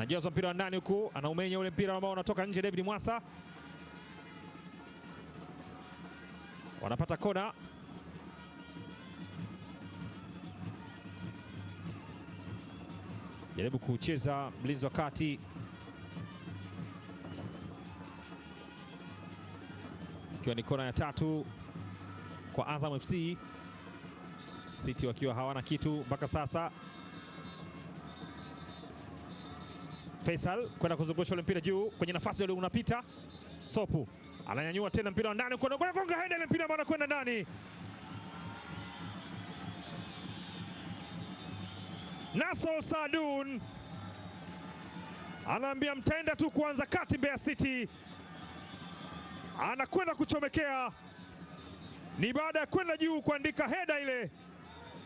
najaza mpira wa ndani huku, anaumenya ule mpira ambao unatoka nje. David Mwasa wanapata kona. Jaribu kucheza mlinzi wa kati ikiwa ni kona ya tatu kwa Azam FC. City wakiwa hawana kitu mpaka sasa. Faisal kwenda kuzungusha ule mpira juu kwenye nafasi ile unapita. Sopu ananyanyua tena mpira wa ndani kwenda kwenda hende ile mpira bwana kwenda ndani. Nasol Sadun anaambia mtaenda tu kuanza kati Mbeya City. Anakwenda kuchomekea. Ni baada ya kwenda juu kuandika heda ile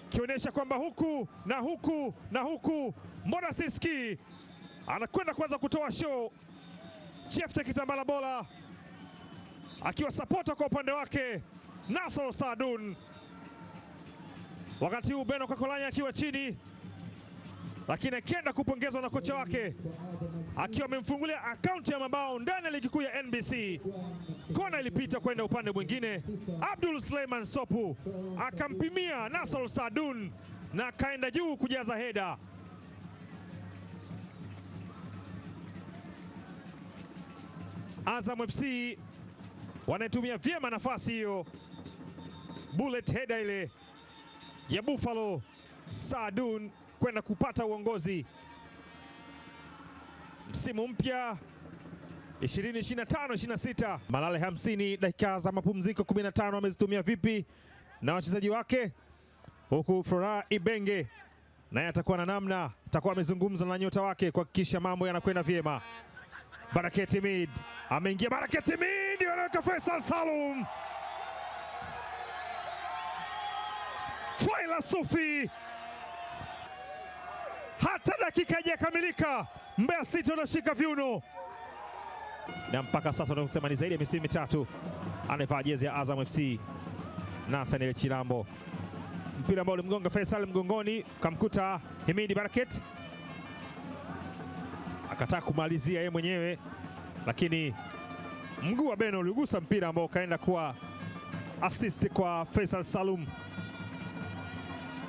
kionyesha kwamba huku na huku na huku, mbona sisikii? anakwenda kwanza kutoa show. Chefte Kitambala Bola akiwa sapota kwa upande wake Naso Sadun, wakati huu Beno Kakolanya akiwa chini, lakini akienda kupongezwa na kocha wake akiwa amemfungulia akaunti ya mabao ndani ya ligi kuu ya NBC. Kona ilipita kwenda upande mwingine, Abdul Suleiman Sopu akampimia Nasol Sadun na akaenda juu kujaza heda. Azam FC wanaitumia vyema nafasi hiyo, bullet header ile ya Buffalo Saadun kwenda kupata uongozi. Msimu mpya 2025 26, Malale 50 dakika za mapumziko 15 amezitumia vipi na wachezaji wake, huku Flora Ibenge naye atakuwa na namna, atakuwa amezungumza na nyota wake kuhakikisha mambo yanakwenda vyema. Baraketi Mid ameingia, Baraketi Mid anaweka Faisal Salum, Faila Sufi, hata dakika haijakamilika Mbeya City wanashika viuno, na mpaka sasa tunasema ni zaidi ya misimu mitatu amevaa jezi ya Azam FC. Nathaniel Chilambo, mpira ambao ulimgonga Faisal mgongoni, kamkuta Himidi Baraketi akataka kumalizia yeye mwenyewe, lakini mguu wa Beno uligusa mpira ambao ukaenda kuwa assist kwa Faisal Salum,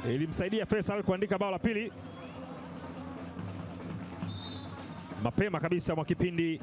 ilimsaidia Faisal kuandika bao la pili mapema kabisa mwa kipindi.